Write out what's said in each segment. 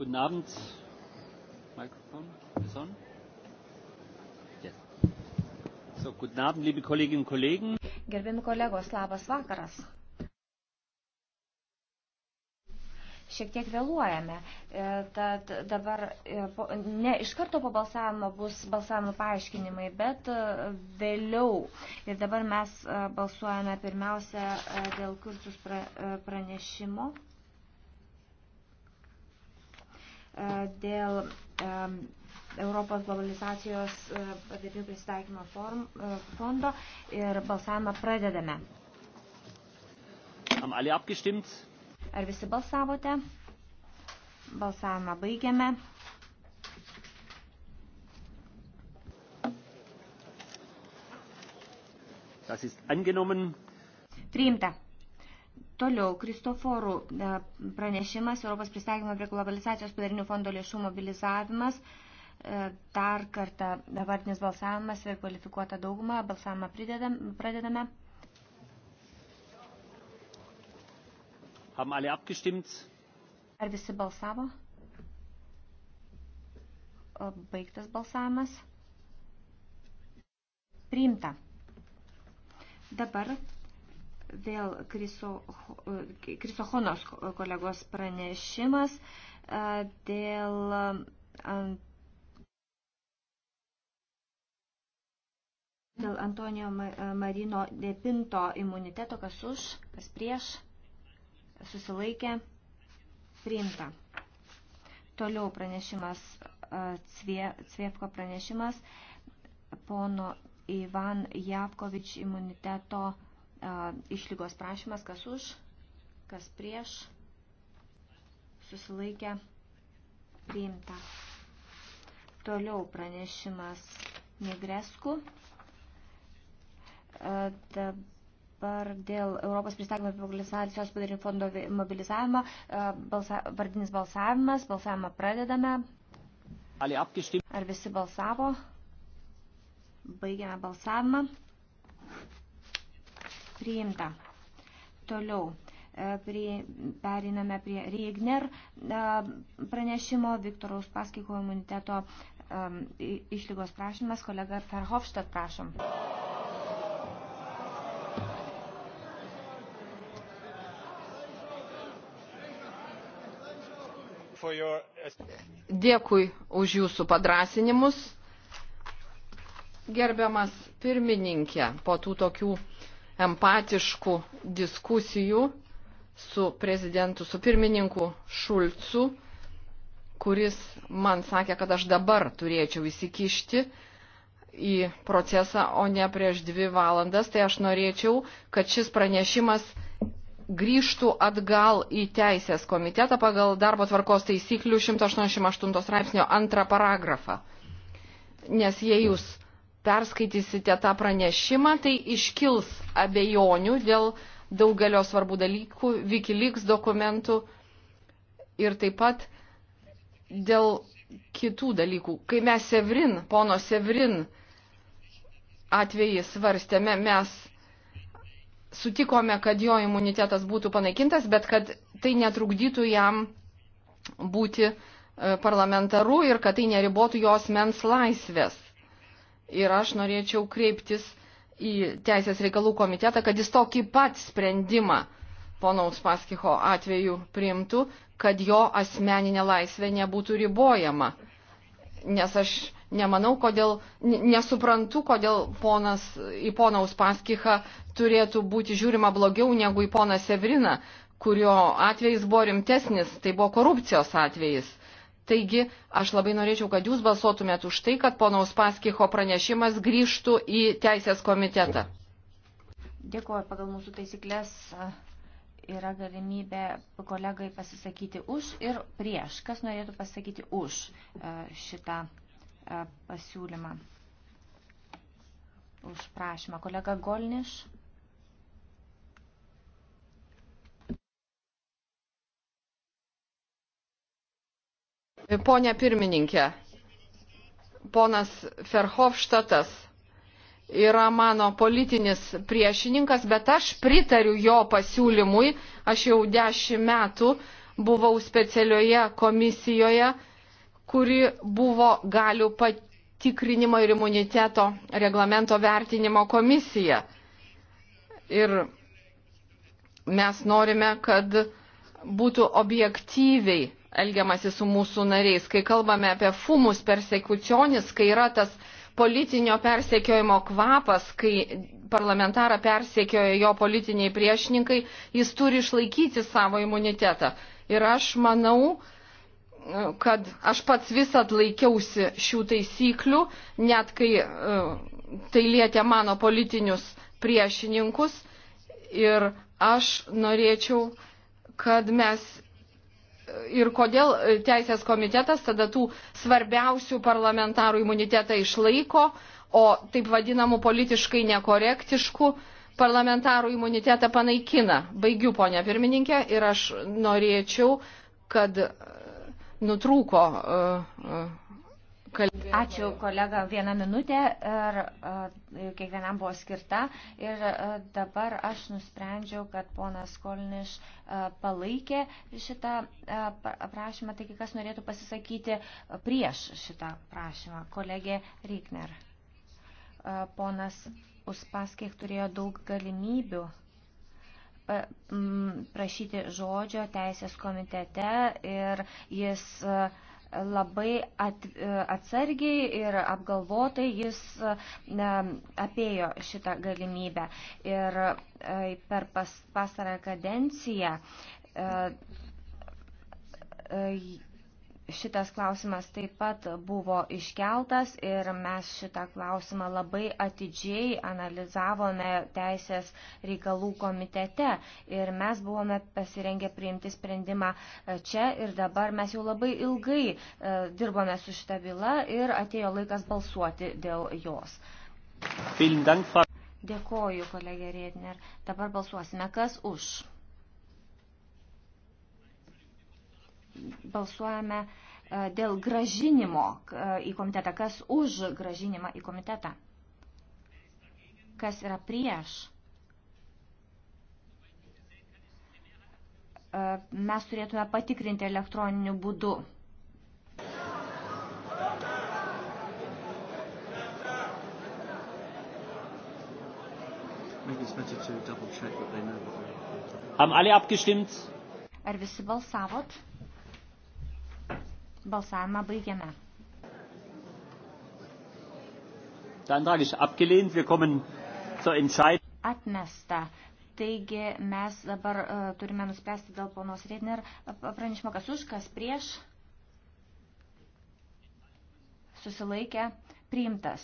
Guten Abend. Mikrofon is on. Yes. So, guten Abend, liebe Kolleginnen und Kollegen. Gerbiami kolegos, labas vakaras. Šiek tiek vėluojame, e, tad dabar e, ne iš karto po balsavimo bus balsavimo paaiškinimai, bet e, vėliau. Ir dabar mes balsuojame pirmiausia dėl kursus pranešimo. E, dėl e, Europos globalizacijos e, padarinių prisitaikymo fondo ir balsavimą pradedame. Ar visi balsavote? Balsavimą baigiame. Das ist angenommen. Priimta. Toliau, Kristoforų e, pranešimas Europos pristatymo prie globalizacijos padarinių fondo lėšų mobilizavimas. E, dar kartą dabartinis balsavimas ir kvalifikuota dauguma. Balsavimą pridedam, pradedame. Haben alle abgestimmt? Ar visi balsavo? Baigtas balsavimas. Priimta. Dabar vėl Kriso, Krisohonos kolegos pranešimas e, dėl ant e, dėl Antonijo e, Marino Depinto imuniteto, kas už, kas prieš, susilaikė, priimta. Toliau pranešimas, cvie, Cviefko pranešimas, pono Ivan Javkovič imuniteto išlygos prašymas, kas už, kas prieš, susilaikė, priimta. Toliau pranešimas Negresku. Dabar dėl Europos pristatymo mobilizacijos padarinių fondo mobilizavimo balsa, vardinis balsavimas. Balsavimą pradedame. Ar visi balsavo? Baigiame balsavimą. Priimta. Toliau e, prie, periname prie Riegner e, pranešimo Viktoraus Paskiko imuniteto e, išlygos prašymas. Kolega Ferhofstadt, prašom. Your... Dėkui už jūsų padrasinimus. Gerbiamas pirmininkė, po tų tokių empatiškų diskusijų su prezidentu, su pirmininku Šulcu, kuris man sakė, kad aš dabar turėčiau įsikišti į procesą, o ne prieš dvi valandas, tai aš norėčiau, kad šis pranešimas grįžtų atgal į Teisės komitetą pagal darbo tvarkos taisyklių 188 straipsnio antrą paragrafą. Nes jei jūs perskaitysite tą pranešimą, tai iškils abejonių dėl daugelio svarbų dalykų, Wikileaks dokumentų ir taip pat dėl kitų dalykų. Kai mes Sevrin, pono Sevrin atvejį svarstėme, mes sutikome, kad jo imunitetas būtų panaikintas, bet kad tai netrukdytų jam būti e, parlamentaru ir kad tai neribotų jos mens laisvės ir aš norėčiau kreiptis į Teisės reikalų komitetą, kad jis tokį pat sprendimą pono Uspaskicho atveju priimtų, kad jo asmeninė laisvė nebūtų ribojama. Nes aš nemanau, kodėl, nesuprantu, kodėl ponas, į poną Uspaskichą turėtų būti žiūrima blogiau negu į poną Sevriną, kurio atvejis buvo rimtesnis, tai buvo korupcijos atvejis. Taigi aš labai norėčiau, kad jūs balsuotumėt už tai, kad ponaus Paskicho pranešimas grįžtų į Teisės komitetą. Dėkuoju, pagal mūsų taisyklės yra galimybė kolegai pasisakyti už ir prieš. Kas norėtų pasakyti už šitą pasiūlymą, už prašymą? Kolega Golniš. Pone pirmininkė, ponas Ferhofštatas yra mano politinis priešininkas, bet aš pritariu jo pasiūlymui. Aš jau dešimt metų buvau specialioje komisijoje, kuri buvo galių patikrinimo ir imuniteto reglamento vertinimo komisija. Ir mes norime, kad būtų objektyviai elgiamasi su mūsų nariais, kai kalbame apie fumus persekucionis, kai yra tas politinio persekiojimo kvapas, kai parlamentarą persekioja jo politiniai priešininkai, jis turi išlaikyti savo imunitetą. Ir aš manau, kad aš pats vis atlaikiausi šių taisyklių, net kai e, tai lietė mano politinius priešininkus. Ir aš norėčiau, kad mes ir kodėl e, teisės komitetas tada tų svarbiausių parlamentarų imunitetą išlaiko, o taip vadinamų politiškai nekorektiškų parlamentarų imunitetą panaikina. Baigiu, ponia pirmininkė, ir aš norėčiau, kad e, nutrūko. Uh, uh, kalbėti. Ačiū kolega, vieną minutę ir e, kiekvienam buvo skirta. Ir e, dabar aš nusprendžiau, kad ponas Kolniš e, palaikė šitą prašymą, taigi kas norėtų pasisakyti prieš šitą prašymą. Kolegė Rikner. Ponas Uspaskik turėjo daug galimybių prašyti žodžio teisės komitete ir jis uh, labai at, atsargiai ir apgalvotai jis apėjo šitą galimybę. Ir e, per pas, pastarą kadenciją e, e, Šitas klausimas taip pat buvo iškeltas ir mes šitą klausimą labai atidžiai analizavome Teisės reikalų komitete ir mes buvome pasirengę priimti sprendimą e, čia ir dabar mes jau labai ilgai e, dirbome su šitą bylą ir atėjo laikas balsuoti dėl jos. Dėkoju, kolegė Riedner. Dabar balsuosime, kas už. balsuojame e, dėl gražinimo e, į komitetą. Kas už gražinimą į komitetą? Kas yra prieš? E, mes turėtume patikrinti elektroniniu būdu. Haben alle abgestimmt? Ar visi balsavot? Balsavimą baigiame. Atmesta. Taigi mes dabar uh, turime nuspręsti dėl ponos Redner pranešimo, kas už, kas prieš. Susilaikė. Priimtas.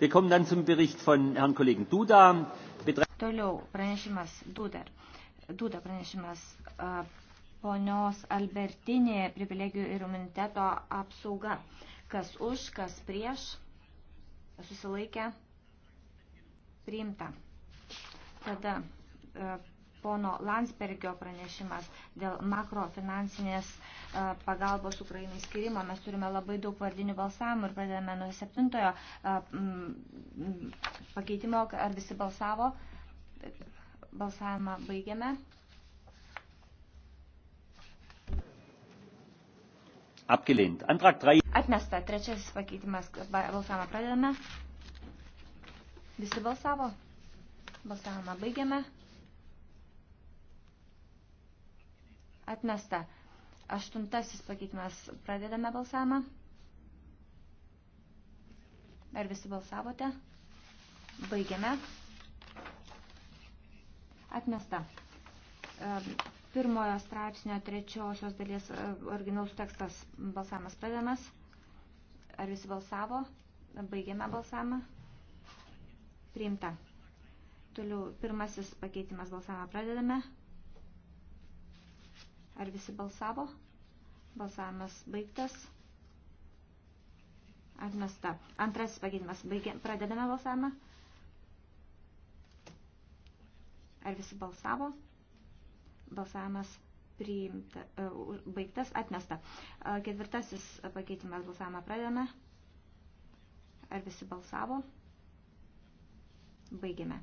Wir kommen dann zum Bericht von Herrn Kollegen Duda. Toliau pranešimas Duder. Duda pranešimas. Uh, ponios Albertinė privilegijų ir imuniteto apsauga. Kas už, kas prieš, susilaikę, priimta. Tada e, pono Landsbergio pranešimas dėl makrofinansinės e, pagalbos Ukrainai skirimo. Mes turime labai daug vardinių balsavimų ir pradedame nuo septintojo e, pakeitimo, ar visi balsavo. Balsavimą baigiame. Abgelehnt. Antrag 3. Atmesta. Trečiasis pakeitimas. Balsavimą pradedame. Visi balsavo. Balsavimą baigiame. Atmesta. Aštuntasis pakeitimas. Pradedame balsavimą. Ar visi balsavote? Baigiame. Atmesta pirmojo straipsnio trečiosios dalies e, originalus tekstas balsavimas pradedamas. Ar visi balsavo? Baigėme balsavimą. Priimta. Toliau pirmasis pakeitimas balsavimą pradedame. Ar visi balsavo? Balsavimas baigtas. Atmesta. Antrasis pakeitimas. Baigė, pradedame balsavimą. Ar visi balsavo? balsavimas priimta, e, baigtas, atmesta. E, ketvirtasis pakeitimas balsavimą pradėme. Ar visi balsavo? Baigėme.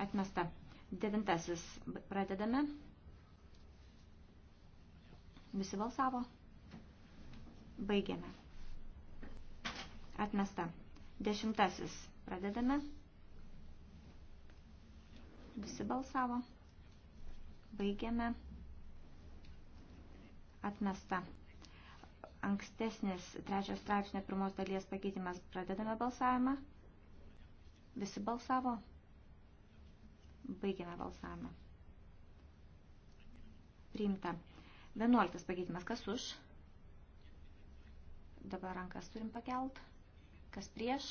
Atmesta. Devintasis pradedame. Visi balsavo. Baigėme. Atmesta. Dešimtasis pradedame. Visi balsavo. Baigiame. Atmesta. Ankstesnis trečios straipsnio pirmos dalies pakeitimas. Pradedame balsavimą. Visi balsavo. Baigiame balsavimą. Priimta. Vienuoliktas pakeitimas. Kas už? Dabar rankas turim pakelt. Kas prieš?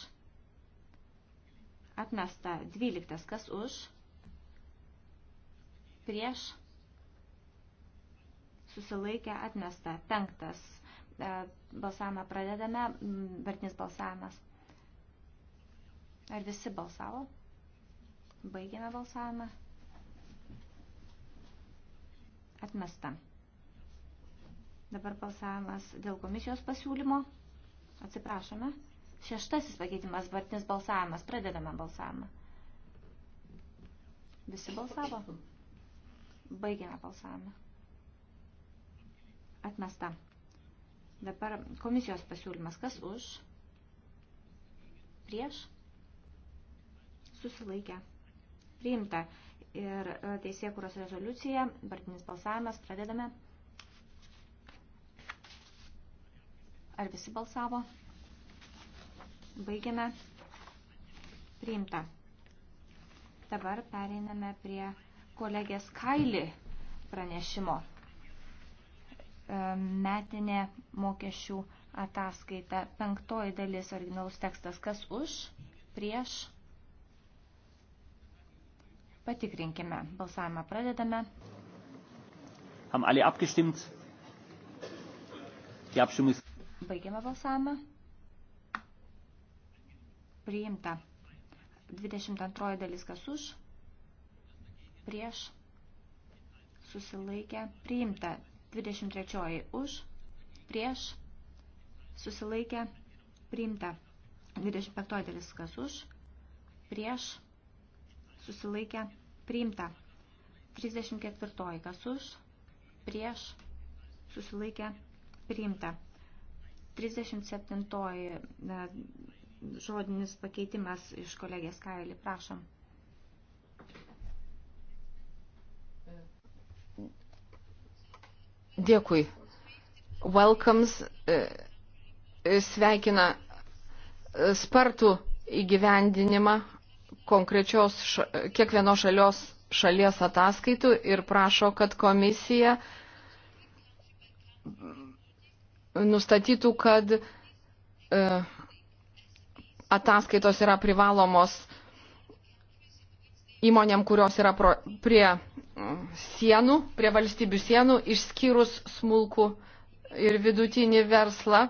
Atmesta. Dvyliktas. Kas už? Kas už? prieš susilaikę atmesta. Penktas e, balsavimą pradedame, mm, vertinis balsavimas. Ar visi balsavo? Baigėme balsavimą. Atmesta. Dabar balsavimas dėl komisijos pasiūlymo. Atsiprašome. Šeštasis pakeitimas, vartinis balsavimas. Pradedame balsavimą. Visi balsavo? Baigiame balsavimą. Atmesta. Dabar komisijos pasiūlymas. Kas už? Prieš? Susilaikę. Priimta. Ir e, teisė kūros rezoliucija, partinis balsavimas, pradedame. Ar visi balsavo? Baigiame. Priimta. Dabar pereiname prie kolegės Kaili pranešimo e, metinė mokesčių ataskaita. Penktoji dalis originalus tekstas. Kas už? Prieš? Patikrinkime. Balsavimą pradedame. Haben alle abgestimmt? Die Abstimmung ist... Baigiame balsavimą. Priimta. 22 dalis kas už? prieš, susilaikę, priimta. 23 už, prieš, susilaikę, priimta. 25 dalis kas už, prieš, susilaikę, priimta. 34 kas už, prieš, susilaikę, priimta. 37 žodinis pakeitimas iš kolegės Kailį, prašom. Dėkui. Welcomes e, e, sveikina e, spartų įgyvendinimą konkrečios ša, kiekvienos šalios šalies ataskaitų ir prašo, kad komisija nustatytų, kad ataskaitos yra privalomos įmonėm, kurios yra pro, prie mm, sienų, prie valstybių sienų, išskyrus smulkų ir vidutinį verslą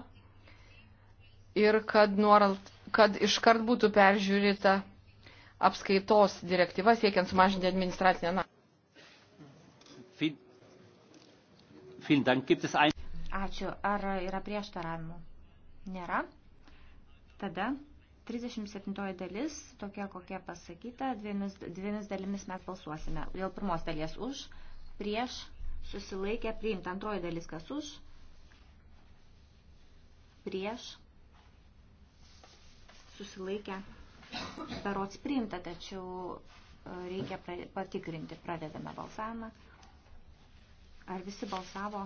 ir kad, nuoralt, kad iškart būtų peržiūrita apskaitos direktyva siekiant sumažinti administracinę naštą. Ačiū. Ar yra prieštaravimų? Nėra. Tada 37 dalis, tokia kokia pasakyta, dviemis, dviemis dalimis mes balsuosime. Dėl pirmos dalies už, prieš, susilaikę, priimta. Antroji dalis kas už, prieš, susilaikę, berots priimta, tačiau e, reikia patikrinti. Pradedame balsavimą. Ar visi balsavo?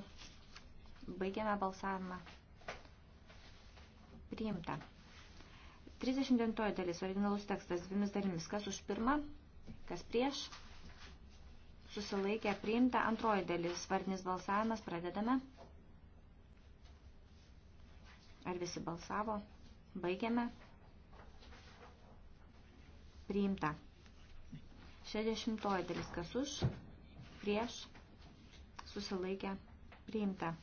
Baigiame balsavimą. Priimta. 39 dalis, originalus tekstas, dvimis dalimis. Kas už pirmą, kas prieš, susilaikė priimta. Antroji dalis, vardinis balsavimas, pradedame. Ar visi balsavo? Baigiame. Priimta. 60 dalis, kas už, prieš, susilaikė priimta.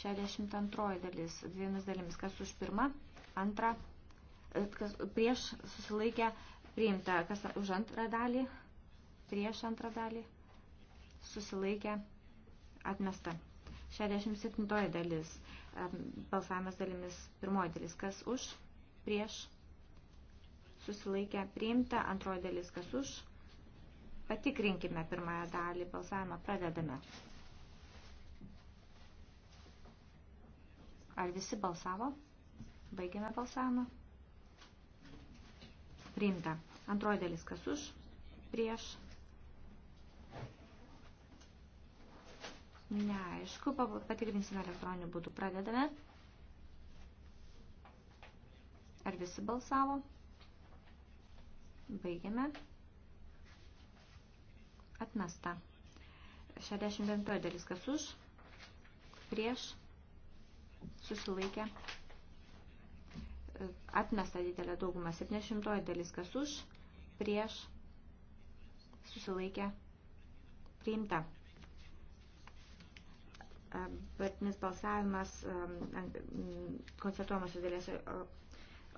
62 dalis, dvimis dalimis, kas už pirmą, antrą, kas prieš susilaikė priimta, kas už antrą dalį, prieš antrą dalį, susilaikė atmesta. 67 dalis, balsavimas dalimis, pirmoji dalis, kas už, prieš, susilaikė priimta, antroji dalis, kas už, patikrinkime pirmąją dalį, balsavimą pradedame. Ar visi balsavo? Baigiame balsavimą priimta. Antroji dalis kas už, prieš. Neaišku, patikrinsime elektroniniu būdu. Pradedame. Ar visi balsavo? Baigiame. Atmesta. 69 dalis kas už, prieš, susilaikė, atmesta didelė dauguma. 70 dalis kas už, prieš, susilaikė, priimta. Batinis balsavimas koncertuomosios dalies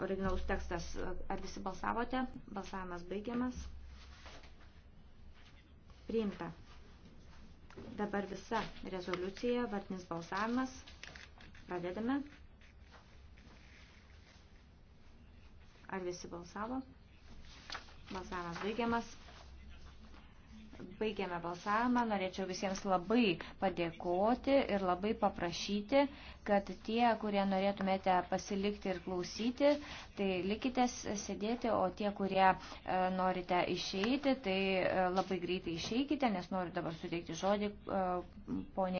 originalus tekstas. Ar visi balsavote? Balsavimas baigiamas. Priimta. Dabar visa rezoliucija, vartinis balsavimas. Pradedame. Ar visi balsavo? Balsavimas baigiamas. Baigiame balsavimą. Norėčiau visiems labai padėkoti ir labai paprašyti, kad tie, kurie norėtumėte pasilikti ir klausyti, tai likite sėdėti, o tie, kurie e, norite išeiti, tai e, labai greitai išeikite, nes noriu dabar suteikti žodį e, ponė.